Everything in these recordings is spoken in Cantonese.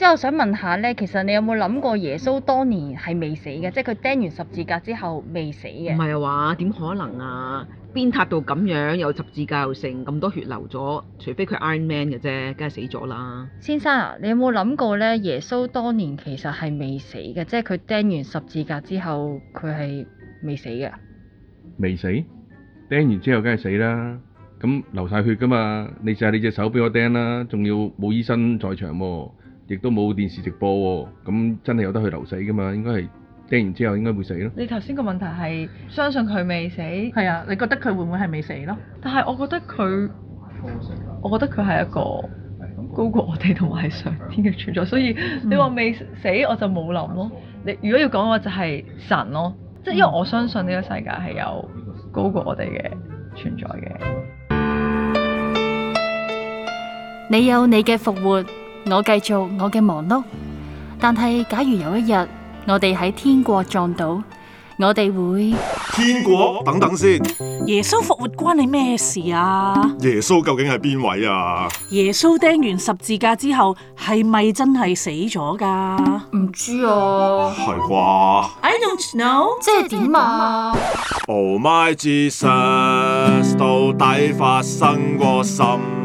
之後想問下咧，其實你有冇諗過耶穌當年係未死嘅，即係佢釘完十字架之後未死嘅？唔係啊！話點可能啊？鞭撻到咁樣，又十字架又剩咁多血流咗，除非佢 Iron Man 嘅啫，梗係死咗啦。先生啊，你有冇諗過咧？耶穌當年其實係未死嘅，即係佢釘完十字架之後，佢係未死嘅。未死？釘完之後梗係死啦！咁流晒血㗎嘛？你試下你隻手畀我釘啦，仲要冇醫生在場喎、啊。亦都冇電視直播喎、哦，咁真係有得去流死㗎嘛？應該係釘完之後應該會死咯。你頭先個問題係相信佢未死，係啊，你覺得佢會唔會係未死咯？但係我覺得佢，我覺得佢係一個高過我哋同埋上天嘅存在，所以你話未死我就冇諗咯。你如果要講嘅就係神咯，即、就、係、是、因為我相信呢個世界係有高過我哋嘅存在嘅。你有你嘅復活。我繼續我嘅忙碌，但係假如有一日我哋喺天國撞到，我哋會天國？等等先。耶穌復活關你咩事啊？耶穌究竟係邊位啊？耶穌釘完十字架之後係咪真係死咗噶？唔知啊，係啩，啊啊？I don't know 即，啊。即係點啊？Oh my Jesus，到底發生過什麼？嗯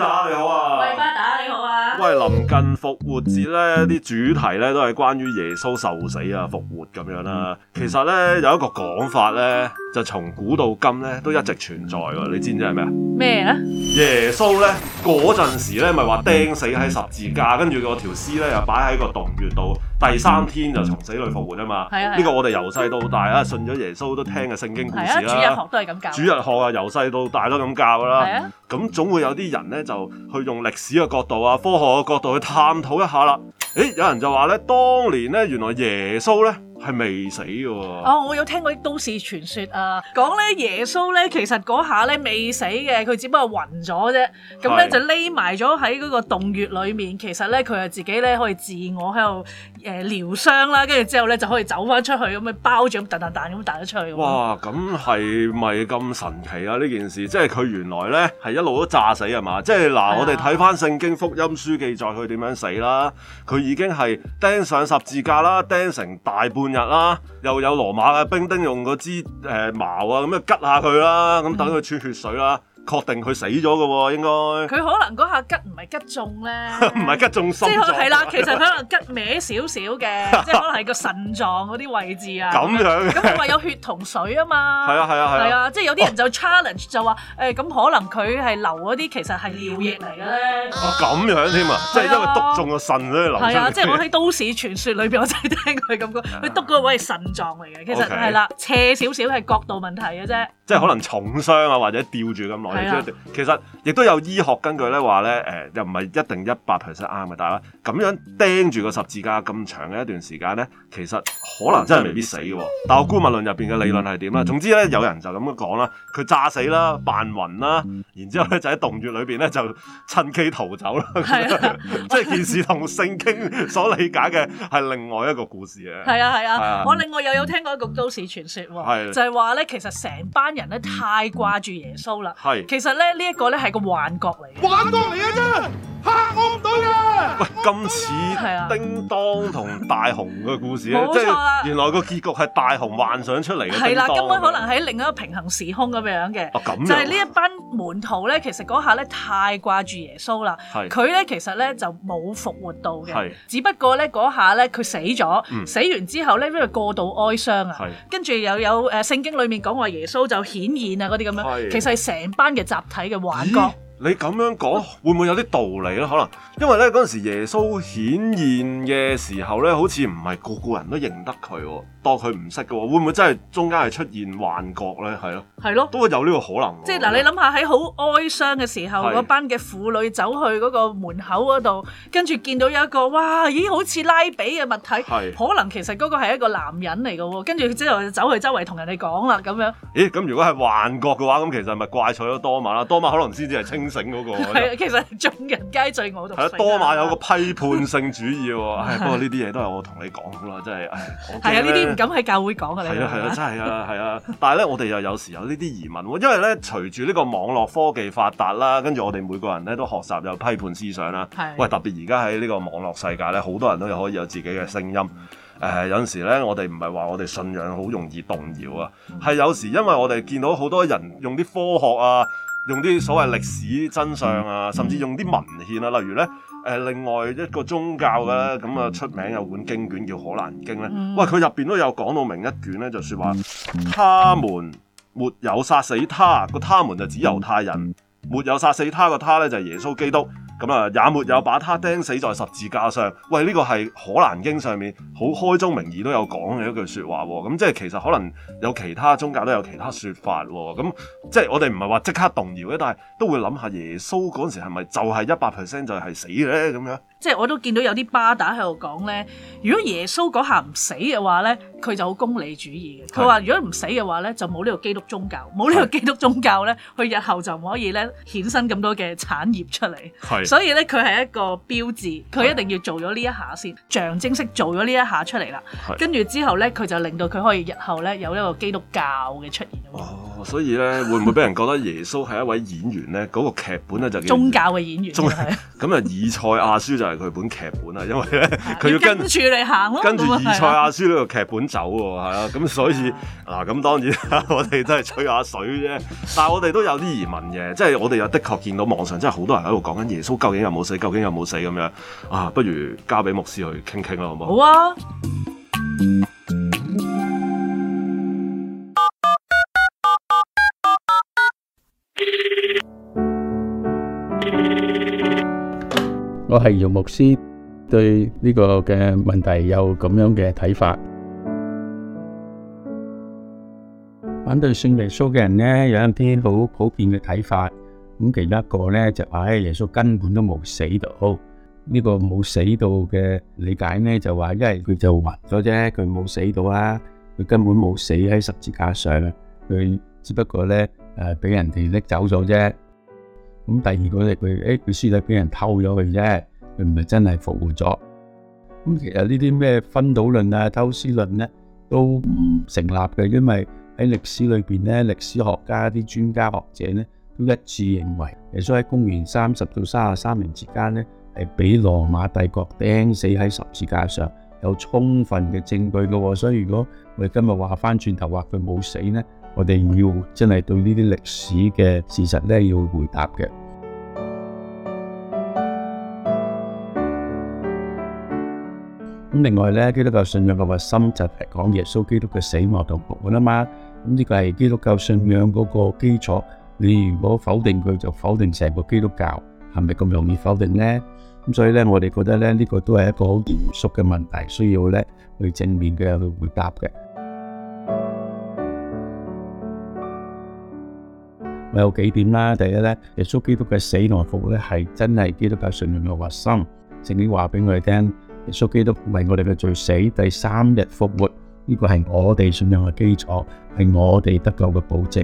啊、喂，徒、啊、臨近復活節呢啲主題呢都係關於耶穌受死啊復活咁樣啦、啊。嗯、其實呢，有一個講法呢。嗯嗯就從古到今咧，都一直存在噶，你知唔知係咩啊？咩咧？耶穌咧嗰陣時咧，咪話釘死喺十字架，跟住個條屍咧又擺喺個洞穴度，第三天就從死裡復活啊嘛。係啊，呢個我哋由細到大啊，信咗耶穌都聽嘅聖經故事啦。係啊，主日學都係咁教。主日學啊，由細到大都咁教噶啦。係啊，咁總會有啲人咧就去用歷史嘅角度啊、科學嘅角度去探討一下啦。誒，有人就話咧，當年咧，原來耶穌咧。係未死嘅喎、啊！Oh, 我有聽過啲都市傳說啊，講咧耶穌咧，其實嗰下咧未死嘅，佢只不過暈咗啫。咁咧是就匿埋咗喺嗰個洞穴裏面，其實咧佢係自己咧可以自我喺度，誒療傷啦，跟住之後咧就可以走翻出去咁樣包住，咁彈彈彈咁彈咗出去。轉轉轉轉出去哇！咁係咪咁神奇啊？呢件事即係佢原來咧係一路都詐死吖嘛？即係嗱，哎、呀我哋睇翻《聖經福音書記載》記載佢點樣死啦。佢已經係釘上十字架啦，釘成大半日啦，又有羅馬嘅兵丁用嗰支誒矛啊咁啊吉下佢啦，咁等佢穿血水啦。嗯確定佢死咗嘅喎，應該佢可能嗰下吉唔係吉中咧，唔係吉中心即係係啦，其實佢可能吉歪少少嘅，即係可能係個腎臟嗰啲位置啊，咁樣咁佢話有血同水啊嘛，係啊係啊係啊，即係有啲人就 challenge 就話，誒咁可能佢係流嗰啲其實係尿液嚟嘅咧，啊咁樣添啊，即係因為篤中個腎喺度流，係啊，即係我喺《都市傳說》裏邊我真係聽佢咁講，佢篤個位係腎臟嚟嘅，其實係啦，斜少少係角度問題嘅啫，即係可能重傷啊，或者吊住咁耐。其實亦都有醫學根據咧，話咧誒，又唔係一定一百 percent 啱嘅。但係啦，咁樣釘住個十字架咁長嘅一段時間咧，其實可能真係未必死。但我姑勿論入邊嘅理論係點咧？總之咧，有人就咁樣講啦，佢詐死啦，扮暈啦，然之後咧就喺洞穴裏邊咧就趁機逃走啦。即係的 件事同聖經所理解嘅係另外一個故事啊。係啊係啊，的我另外又有聽過一個都市傳說，就係話咧，其實成班人咧太掛住耶穌啦。係。其實咧，呢一個咧係個幻覺嚟嘅，幻覺嚟嘅啫。吓、啊！我唔懂嘅。懂喂，今次叮噹同大雄嘅故事冇錯 即係原來個結局係大雄幻想出嚟嘅叮噹。係啦，根本可能喺另一個平衡時空咁樣嘅。哦、啊，咁就係呢一班門徒咧，其實嗰下咧太掛住耶穌啦。係是。佢咧其實咧就冇復活到嘅。係是。只不過咧嗰下咧佢死咗。死完之後咧因為過度哀傷是啊。係。跟住又有誒聖經裏面講話耶穌就顯現啊嗰啲咁樣。是其實係成班嘅集體嘅幻覺。你咁樣講會唔會有啲道理咯？可能因為咧嗰陣時耶穌顯現嘅時候咧，好似唔係個個人都認得佢，當佢唔識嘅喎，會唔會真係中間係出現幻覺咧？係咯，係咯，都會有呢個可能。即係嗱，你諗下喺好哀傷嘅時候，嗰班嘅婦女走去嗰個門口嗰度，跟住見到有一個哇，咦好似拉比嘅物體，可能其實嗰個係一個男人嚟嘅喎，跟住之後走去周圍同人哋講啦咁樣。咦咁如果係幻覺嘅話，咁其實咪怪錯咗多馬啦？多馬可能先至係清。整嗰個係啊，其實眾人皆醉我獨醒。係啊，多馬有個批判性主義喎。唉，不過呢啲嘢都係我同你講啦，真係唉。係啊，呢啲唔敢喺教會講㗎咧。係啊，係啊，真係啊，係啊。但係咧，我哋又有時有呢啲疑問喎。因為咧，隨住呢個網絡科技發達啦，跟住我哋每個人咧都學習有批判思想啦。喂，特別而家喺呢個網絡世界咧，好多人都有可以有自己嘅聲音。誒，有陣時咧，我哋唔係話我哋信仰好容易動搖啊。係有時，因為我哋見到好多人用啲科學啊。用啲所謂歷史真相啊，甚至用啲文獻啊，例如咧，誒、呃、另外一個宗教嘅咧，咁、嗯、啊出名有本經卷叫《可蘭經》咧，喂，佢入邊都有講到明一卷咧，就說、是、話，他們沒有殺死他，個他們就指猶太人，沒有殺死他個他咧就係、是、耶穌基督。咁啊，也沒有把他釘死在十字架上。喂，呢、這個係可蘭經上面好開宗明義都有講嘅一句說話。咁、嗯、即係其實可能有其他宗教都有其他說法喎。咁、嗯、即係我哋唔係話即刻動搖嘅，但係都會諗下耶穌嗰陣時係咪就係一百 percent 就係、是、死咧咁樣。即係我都見到有啲巴打喺度講咧，如果耶穌嗰下唔死嘅話咧，佢就好功利主義嘅。佢話是如果唔死嘅話咧，就冇呢個基督宗教，冇呢個基督宗教咧，佢是日後就唔可以咧衍生咁多嘅產業出嚟。是所以咧佢係一個標誌，佢一定要做咗呢一下先，是象徵式做咗呢一下出嚟啦。跟住是之後咧，佢就令到佢可以日後咧有呢個基督教嘅出現。哦。所以咧，會唔會俾人覺得耶穌係一位演員咧？嗰、那個劇本咧就叫宗教嘅演員、就是。咁啊中， 以賽亞書就係佢本劇本啊，因為佢 要跟住你行、啊，跟住以賽亞書呢個劇本走喎、啊。係啦、 啊，咁所以嗱，咁、 啊、當然 我哋都係吹下水啫。但係我哋都有啲疑問嘅，即係我哋又的確見到網上真係好多人喺度講緊耶穌究竟有冇死，究竟有冇死咁樣啊？不如交俾牧師去傾傾咯。好唔好？好啊。我係姚牧師，對呢個嘅問題有咁樣嘅睇法。反對信耶穌嘅人咧，有一啲好普遍嘅睇法。咁，其中一個咧就話，誒，耶穌根本都冇死到。呢個冇死到嘅理解咧，就話因為佢就暈咗啫，佢冇死到啦，佢根本冇死喺十字架上，佢只不過咧誒俾人哋搦走咗啫。咁第二個呢，佢誒佢屍體俾人偷咗嘅啫，佢唔係真係復活咗。咁其實呢啲咩分島論啊、偷屍論呢都唔成立嘅，因為喺歷史裏邊呢，歷史學家啲專家學者呢都一致認為，耶穌喺公元三十到三十三年之間呢，係俾羅馬帝國釘死喺十字架上，有充分嘅證據嘅喎、哦。所以如果我哋今日話返轉頭話佢冇死呢。我哋要真係對呢啲歷史嘅事實咧，要回答嘅。咁另外咧，基督教信仰嘅核心就係講耶穌基督嘅死亡同復活啊嘛。咁呢個係基督教信仰嗰個基礎。你如果否定佢，就否定成個基督教，係咪咁容易否定咧？咁所以咧，我哋覺得咧，呢個都係一個好嚴肅嘅問題，需要咧去正面嘅去回答嘅。有幾點啦？第一，耶穌基督嘅死和復活，係真係基督教信仰嘅核心。聖經話俾我哋聽，耶穌基督為我哋嘅罪死，第三日復活。呢、這個係我哋信仰嘅基礎，係我哋得救嘅保證。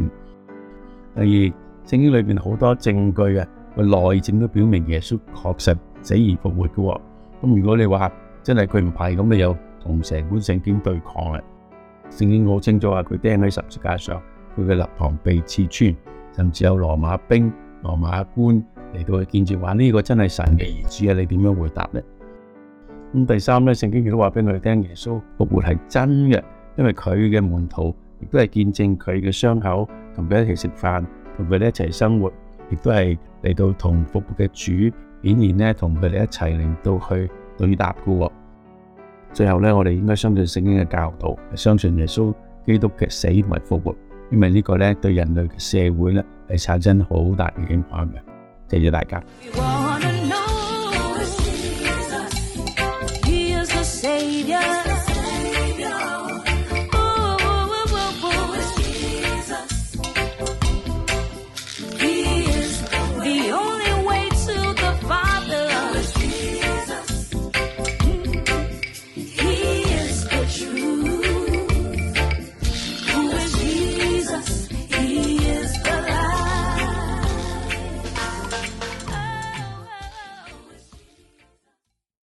第二，聖經裏面好多證據嘅內證都表明耶穌確實死而復活嘅。咁如果你話真係佢唔係咁，你又同成本聖經對抗啦。聖經好清楚話佢釘喺十字架上，佢嘅肋旁被刺穿，甚至有羅馬兵、羅馬官嚟到去見證話，呢個真係神嘅兒子，你點樣回答呢？第三咧，聖經亦都話俾我哋聽，耶穌復活係真嘅，因為佢嘅門徒亦都係見證佢嘅傷口，同佢一齊食飯，同佢哋一齊生活，亦都係嚟到同復活嘅主顯然呢，同佢哋一齊嚟到去對答嘅。最後呢，我哋應該相信聖經嘅教導，相信耶穌基督嘅死同埋復活。因為呢個呢對人類社會呢係產生好大嘅影響嘅，謝謝大家。